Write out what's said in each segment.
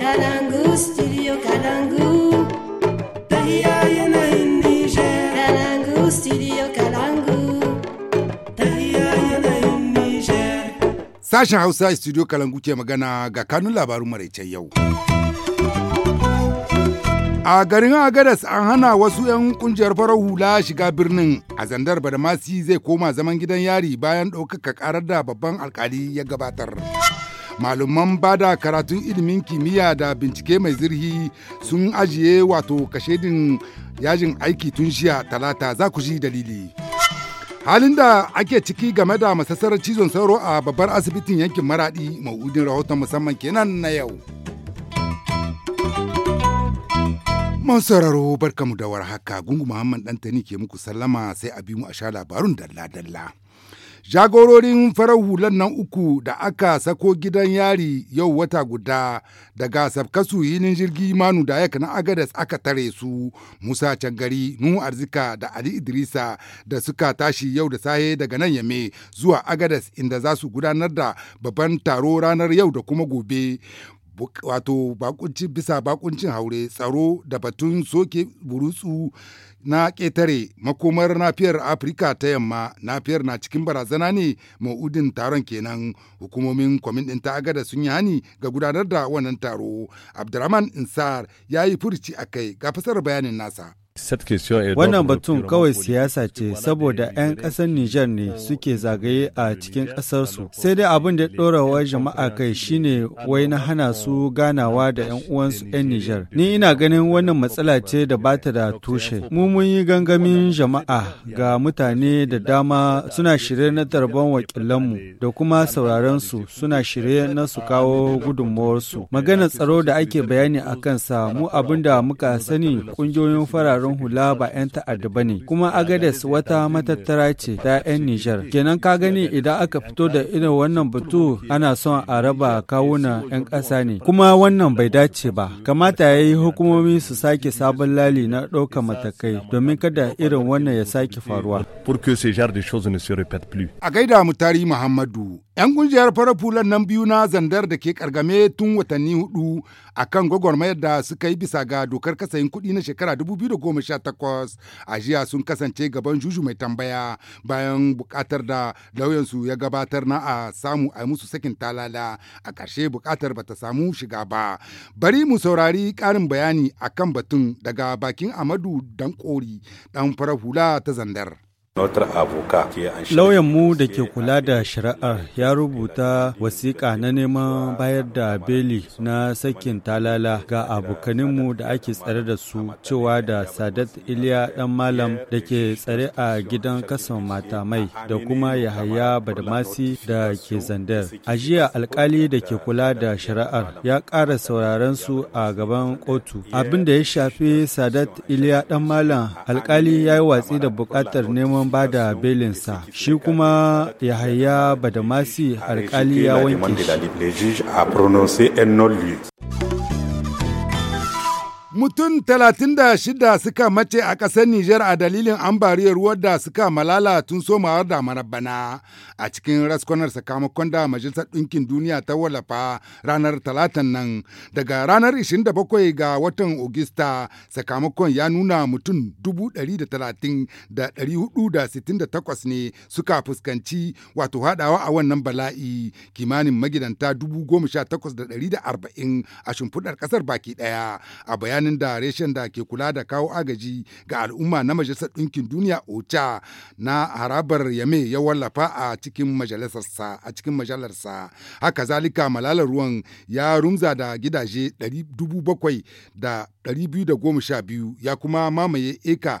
Kalangu, Sashen Hausa studio Kalangu ke magana ga kanun labarun maraicen yau. A garin Agadas an hana wasu 'yan kungiyar farar hula shiga birnin a zandar Badamasi zai koma zaman gidan yari bayan ɗaukaka karar da babban alkali ya gabatar. malaman bada karatun ilimin kimiyya da bincike mai zirhi sun ajiye wato kashedin yajin aiki tun jiya talata za ku ji dalili halin da ake ciki game da masassarar cizon sauro a babbar asibitin yankin maradi ma'udin rahoton musamman kenan na yau sauraro barkamu da warhaka gungu muhammad dantani ke muku sallama sai a bi mu a sha labarun dalla-dalla Jagororin farar hular nan uku da aka sako gidan yari yau wata guda daga safkasu yinin jirgi manu da yaka na agadas aka tare su Musa Cangari, Nuhu Arzika da Ali Idrisa da suka tashi yau da sahe daga nan yame zuwa agadas inda za su gudanar da babban taro ranar yau da kuma gobe. wato bakunci bisa bakuncin haure tsaro da batun soke burutsu na ƙetare makomar nafiyar afirka ta yamma nafiyar na cikin barazana ne ma'udin taron kenan hukumomin kwamin ta agada sun yi hani ga gudanar da wannan taro abdurrahman insar ya yi furci a kai ga fasar bayanin nasa Wannan batun kawai siyasa ce saboda 'yan ƙasar Nijar ne suke zagaye a cikin ƙasarsu. Sai dai abin da ɗora wa jama'a kai shine wai na hana su ganawa da 'yan uwansu 'yan Nijar. Ni ina ganin wannan matsala ce da ba ta da tushe. Mu mun yi gangamin jama'a ga mutane da dama suna shirye na tarban wakilanmu da kuma sauraron su suna shirye na su kawo su. Maganar tsaro da ake bayani a kansa mu abin da muka sani ƙungiyoyin farar fararen hula ba 'yan ta'adda ba ne kuma agades wata matattara ce ta 'yan nijar kenan ka gani idan aka fito da irin wannan batu ana son a raba kawuna 'yan ƙasa ne kuma wannan bai dace ba kamata ya yi hukumomi su sake sabon lali na ɗaukar matakai domin kada irin wannan ya sake faruwa a gaida mutari muhammadu 'Yan kungiyar farar fulan nan biyu na zandar da ke kargame tun watanni hudu a kan gwagwarmayar da suka yi bisa ga dokar kasayin kuɗi na shekara 2018 a jiya sun kasance gaban juju mai tambaya bayan bukatar da lauyansu ya gabatar na a samu a musu sakin talala a ƙarshe bukatar bata samu shiga ba. Bari mu saurari ƙarin bayani akan batun daga bakin Amadu Dankori dan farar hula ta zandar. lauyan mu da ke kula da shari'ar ya rubuta wasiƙa na neman bayar da beli na sakin talala ga abokaninmu da ake tsare da su cewa da Sadat Iliya ɗan Malam da ke tsare a gidan kasan mata mai da kuma Yahaya Badmasi da ke zandar. A jiya alkali da ke kula da shari'ar ya ƙara sauraren su a gaban kotu. Abin da ya shafi Sadat Iliya ɗan Malam alkali ya yi watsi da buƙatar neman neman ba da belinsa shi kuma yahaya badamasi alkali ya wanke Mutum 36 suka mace a ƙasar Nijar a dalilin ambariyar ruwa da suka malala tun somawar da marabana, a cikin raskonar sakamakon da Majalisar Ɗinkin Duniya ta wallafa ranar talatan nan daga ranar 27 ga watan Ogista sakamakon ya nuna mutum 130,468 ne suka fuskanci wato haɗawa a wannan bala'i kimanin magidanta 18,140 a shimfiɗar ƙasar baki ɗaya a bayanin tsakanin da reshen da ke kula da kawo agaji ga al'umma na majalisar ɗinkin duniya ocha na harabar yame ya wallafa a cikin majalisarsa a cikin majalarsa haka zalika malalar ruwan ya rumza da gidaje 700 da ya kuma mamaye eka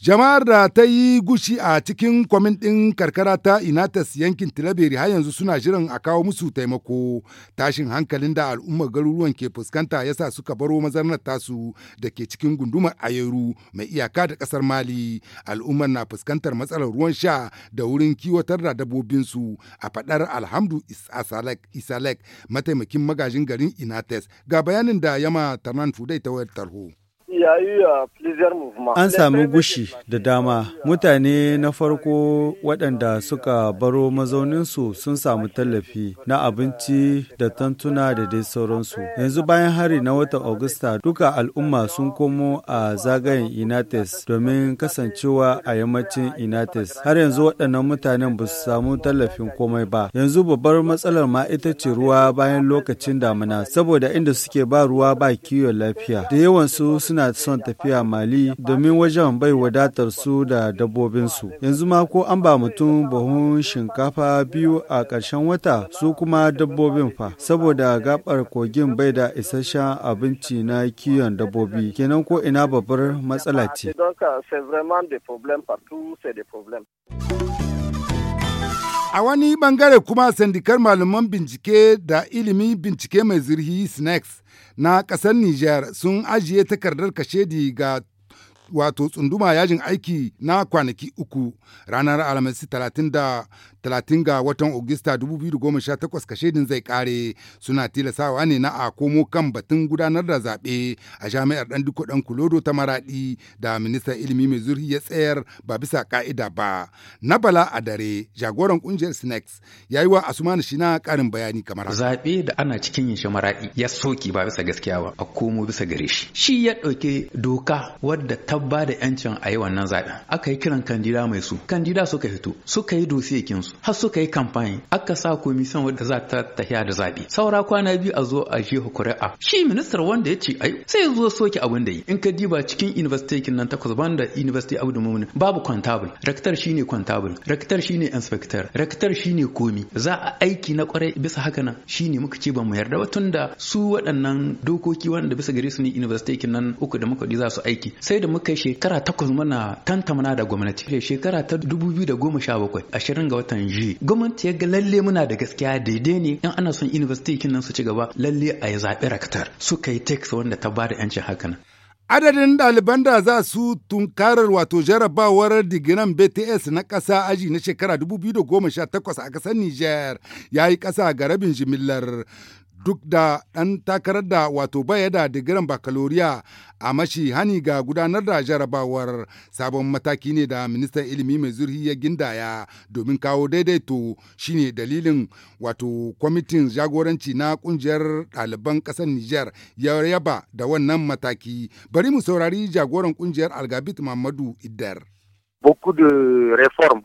Jama'ar da ta yi gushi a cikin kwamin ɗin karkara ta Inatas yankin Tilaberi har yanzu suna jiran a kawo musu taimako. Tashin hankalin da al'ummar garuruwan ke fuskanta yasa suka baro mazarnar tasu da ke cikin gundumar Ayeru mai iyaka da ƙasar Mali. Al'ummar na fuskantar matsalar ruwan sha da wurin kiwatar da su a faɗar Alhamdu Isalek mataimakin magajin garin Inates ga bayanin da Yama Tarnan Fudai ta wayar tarho. An sami gushi da dama. Mutane na farko waɗanda suka baro mazauninsu sun samu tallafi na abinci da tantuna da dai sauransu. Yanzu bayan hari na watan Agusta duka al'umma sun komo a zagayen Inates domin kasancewa a yammacin Inates. Har yanzu waɗannan mutanen ba su samu tallafin komai ba. Yanzu babbar matsalar ma ita ce ruwa bayan lokacin damina saboda inda suke ba ruwa ba kiwon lafiya. Da yawansu suna son tafiya mali domin wajen bai wadatar su da dabbobinsu yanzu ma ko an ba mutum buhun shinkafa biyu a karshen wata su kuma dabbobin fa saboda gabar kogin bai da isasshen abinci na kiwon dabbobi kenan ko ina babbar matsala ce A wani bangare kuma sandikar malaman bincike da ilimi bincike mai zirhi snacks na ƙasar Nijar sun ajiye takardar kashedi ga wato tsunduma yajin aiki na kwanaki uku ranar alhamis 30 ga watan Ogista 2018 kashedin zai kare suna tilasawa ne na a komo kan batun gudanar da zaɓe a jami'ar ɗan duk ɗan kulodo ta maraɗi da ministan ilimi mai zurfi ya tsayar ba bisa ka'ida ba. Na bala a dare jagoran ƙungiyar Sinex ya yi wa Asumani na ƙarin bayani kamar haka. Zaɓe da ana cikin yin shi maraɗi ya soki ba bisa gaskiya ba a komo bisa gare shi. Shi ya ɗauki doka wadda ta ta da yancin a yi wannan zaɓen aka yi kiran kandida mai su kandida suka fito suka yi dosiyakin su har suka yi kamfani aka sa komisan wadda za ta tafiya da zaɓe saura kwana biyu a zo a jefa kuri'a shi ministar wanda ya ce Ayi, sai ya zo soke abin da yi in ka diba cikin university kin nan takwas ban da university abu da babu constable rector shine constable rector shine inspector shi shine komi za a aiki na kwarai bisa haka nan shine muka ce ba mu yarda ba tunda su waɗannan dokoki wanda bisa gare su ne university kin nan uku da muka za su aiki sai da muka kai shekara takwas muna tantamana da gwamnati shekara ta 2017 ashirin ga watan ji gwamnati ya ga lalle muna da gaskiya daidai ne in ana son university kin nan su ci gaba lalle a yi zaɓi raktar suka yi tex wanda ta ba bada yancin hakan Adadin ɗaliban da za su tunkarar wato jarabawar digiran BTS na ƙasa aji na shekara 2018 a ƙasar Nijar ya yi ƙasa ga rabin jimillar duk da ɗan takarar da wato baya da digiran bakaloriya a mashi hani ga gudanar da jarabawar sabon mataki ne da ministan ilimi mai zurhi ya gindaya domin kawo daidaito shine dalilin wato kwamitin jagoranci na kungiyar ɗaliban ƙasar niger ya yaba da wannan mataki bari mu saurari jagoran kungiyar Algabit mamadu. idar Beaucoup de réformes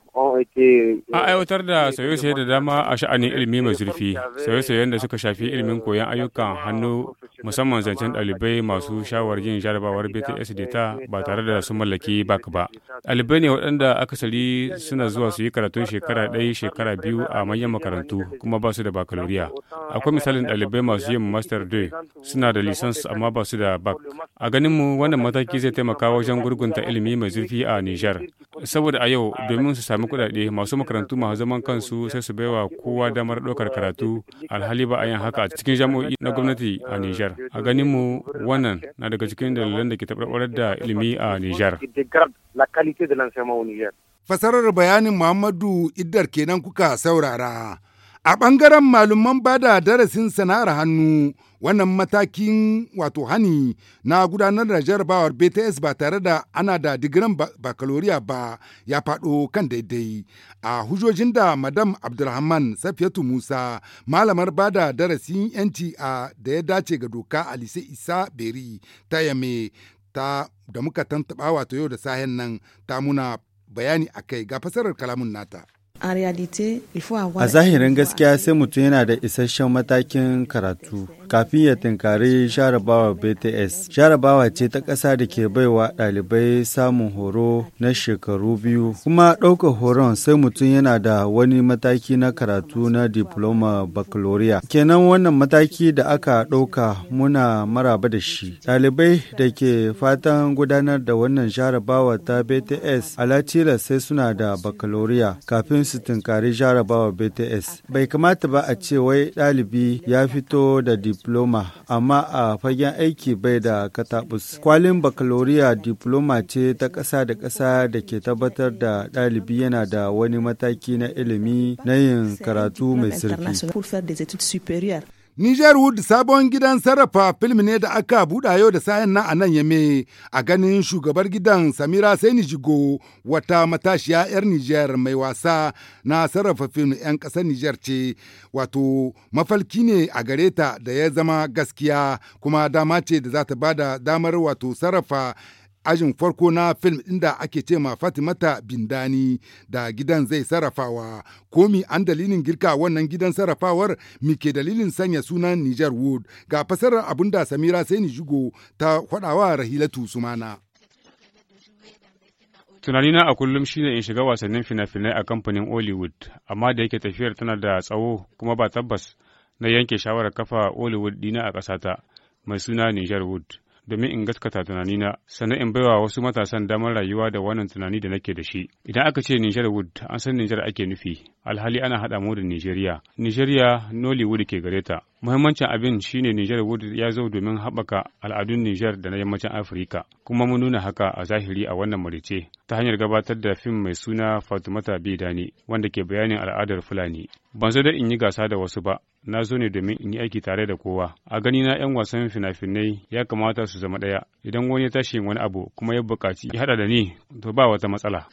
Eh, a aiwatar da sauye-sauye da dama a sha'anin ilimi mai zurfi, sauye-sauyen da suka shafi ilimin koyon ayyukan hannu musamman zancen ɗalibai masu shawar yin jarabawar BTS ta ba tare da su mallaki bak ba. Ɗalibai ne waɗanda akasari suna zuwa su yi karatun shekara ɗaya shekara biyu a manyan makarantu kuma ba su da bakaloriya. Akwai misalin ɗalibai masu yin master day suna da lisans amma ba su da bak. A ganin mu wannan mataki zai taimaka wajen gurgunta ilimi mai zurfi a Nijar. Saboda a yau domin su sami kuɗa kuɗaɗe masu makarantu masu zaman kansu sai su baiwa kowa damar ɗaukar karatu alhali ba a yin haka cikin jami'o'i na gwamnati a Nijar. A ganin mu wannan na daga cikin dalilan da ke taɓarɓarar da ilimi a Nijar. Fasarar bayanin Muhammadu Iddar kenan kuka saurara. A ɓangaren malaman bada darasin sana'ar hannu wannan matakin wato hani na gudanar da jarabawar bts ba tare da ana da digiran bakaloriya ba ya faɗo kan daidai a hujojin da madam abdulrahman safiyatu musa malamar ba da darasin yanci a da ya dace ga doka alise isa beri ta yame ta da muka tantaba wato yau da sahen nan ta muna bayani akai ga fasarar kalamun nata. A zahirin gaskiya sai mutum yana da isasshen matakin karatu kafin ya tinkari jarabawa BTS. Jarabawa ce ta ƙasa da ke baiwa ɗalibai samun horo na shekaru biyu. Kuma ɗaukar horon sai mutum yana da wani mataki na karatu na diploma baccalaureate. Kenan wannan mataki da aka ɗauka muna maraba da shi. Ɗalibai da ke fatan gudanar da wannan jarabawa ta BTS alatila sai suna da bakaloriya kafin su tunkari jarabawa bts bai kamata ba a ce wai ɗalibi ya fito da diploma amma a fagen aiki bai da katabus kwalin bakaloriya diploma ce ta ƙasa da ƙasa da ke tabbatar da ɗalibi yana da wani mataki na ilimi na yin karatu mai sirki. Niger Wood sabon gidan sarrafa film ne da aka buɗa yau da sayan nan a nan yame a ganin shugabar gidan Samira Saini Jigo wata matashiya 'yar Niger mai wasa na sarrafa film 'yan ƙasar Niger ce wato mafalki ne a gare ta da ya zama gaskiya kuma dama ce da za ta bada damar wato sarrafa ajin farko na fim inda ake ce ma Fatimata Bindani da gidan zai sarrafawa. Komi an dalilin girka wannan gidan sarrafawar mike dalilin sanya sunan Niger Wood ga fasarar abun da Samira sai ni jigo ta kwadawa Rahilatu Sumana. tunanina a kullum shine in shiga wasannin fina-finai a kamfanin hollywood amma da yake tafiyar tana da tsawo kuma ba tabbas na yanke shawarar kafa hollywood dina a kasata mai suna niger wood domin in gaskata tunanina sannan in baiwa wasu matasan damar rayuwa da wannan tunani da nake da shi idan aka ce Niger Wood an san Niger ake nufi alhali ana haɗa mu da Nigeria Nigeria Nollywood ke gare ta muhimmancin abin shine Niger Wood ya zo domin haɓaka al'adun Niger da na yammacin Afirka kuma mun nuna haka a zahiri a wannan marice ta hanyar gabatar da fim mai suna Fatimata Bidani wanda ke bayanin al'adar Fulani ban so da in yi gasa da wasu ba na zo ne domin in yi aiki tare da kowa a gani na yan wasan fina-finai ya kamata su zama ɗaya idan wani ya tashi wani abu kuma ya buƙaci ya haɗa da ni to ba wata matsala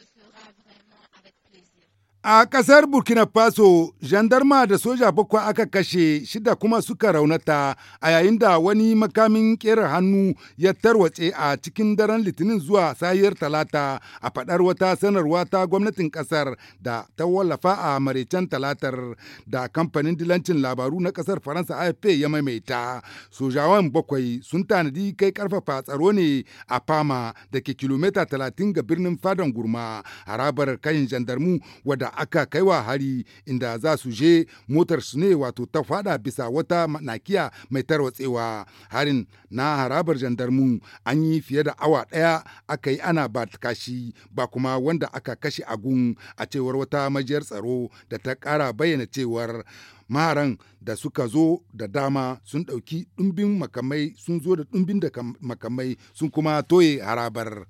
A ƙasar Burkina Faso, jandarma da soja bakwai aka kashe shida kuma suka raunata a yayin da wani makamin ƙera hannu ya tarwatse a cikin daren litinin zuwa sayar talata a faɗar wata sanarwa ta gwamnatin ƙasar da ta wallafa a maraicen talatar da kamfanin dilancin labaru na ƙasar Faransa AFP ya maimaita. Sojawan bakwai sun tanadi kai ƙarfafa tsaro ne a Fama da ke kilomita talatin ga birnin Fadan Gurma, harabar kayan jandarmu wadda da aka kaiwa hari inda za su je motar su ne wato ta fada bisa wata nakiya mai tarwatsewa harin na harabar jandarmu an yi fiye da awa daya aka yi ana ba kashi ba kuma wanda aka kashe agun a cewar wata majiyar tsaro da ta kara bayyana cewar maharan da suka zo da dama sun ɗauki ɗumbin makamai sun zo da ɗumbin da makamai sun kuma toye harabar.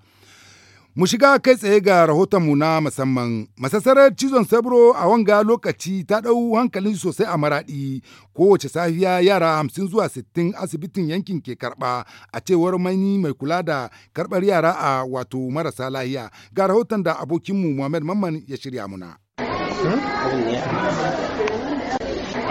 Mu shiga kai tsaye ga rahotonmu na musamman, masassarar cizon sabro a wanga lokaci ta ɗau hankali sosai a maraɗi kowace safiya yara hamsin zuwa sittin asibitin yankin ke karɓa a cewar mani mai kula da karɓar yara a wato marasa lahiya ga rahoton da abokinmu Muhammad Mamman ya shirya muna. Hmm?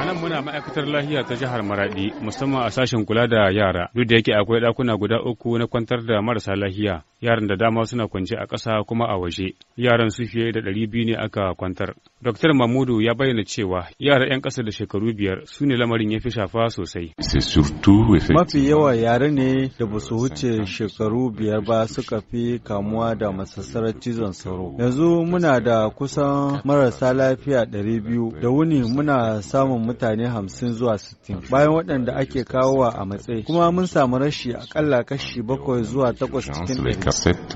A nan muna ma'aikatar lahiya ta jihar Maradi musamman a sashen kula da yara duk da yake akwai ɗakuna guda uku na kwantar da marasa lahiya yaran da dama suna kwance a ƙasa kuma a waje yaran su fiye da ɗari biyu ne aka kwantar. Dr. Mahmudu ya bayyana cewa yara 'yan ƙasa da shekaru biyar su ne lamarin ya fi shafa sosai. Mafi yawa yare ne da ba su wuce shekaru biyar ba suka fi kamuwa da masassarar cizon sauro. Yanzu muna da kusan marasa lafiya ɗari biyu da wuni muna samun mutane hamsin zuwa sittin bayan waɗanda ake kawowa a matsayi kuma mun samu rashi akalla kashi bakwai zuwa takwas cikin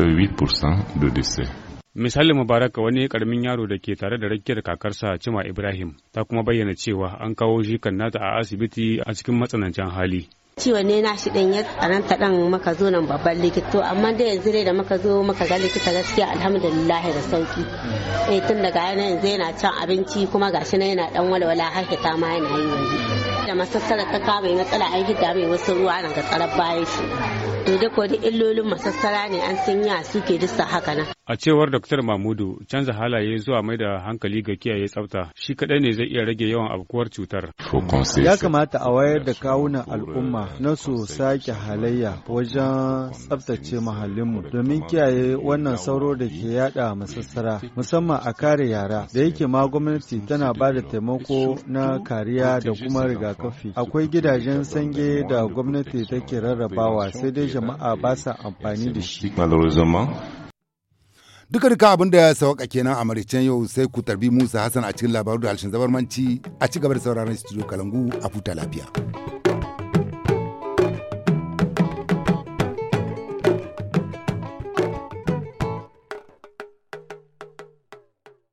Misali Mubaraka wani karamin yaro da ke tare da rakiyar kakarsa Cima Ibrahim ta kuma bayyana cewa an kawo shi kan nata a asibiti a cikin matsanancin hali. ciwon ne na shi din ya tsananta dan maka zo nan babban likita amma dai yanzu dai da maka zo maka ga likita gaskiya alhamdulillah da sauki eh tun daga yana yanzu yana cin abinci kuma gashi na yana dan walwala har ta ma yana yi yanzu da masassara ta kama matsala an hidda mai wasu ruwa nan ga tsarar bayan shi to da kodin illolin masassara ne an sun yi suke dusa haka nan. A cewar Dr. Mahmudu, canza halaye zuwa mai da hankali ga kiyaye tsafta shi kaɗai ne zai iya rage yawan abkuwar cutar. Ya kamata a wayar da kawunan al'umma na su sake halayya wajen tsabtace muhallinmu domin kiyaye wannan sauro da ke yada masassara musamman a kare yara da yake ma gwamnati tana ba da taimako na kariya da kuma rigakafi akwai gidajen sange da gwamnati take rarrabawa sai dai jama'a ba sa amfani da shi duka duka abin da ya sauka kenan a maraicen yau sai ku tarbi musa hassan a cikin labaru da halshen zabarmanci a ci gaba da sauraron studio kalangu a futa lafiya.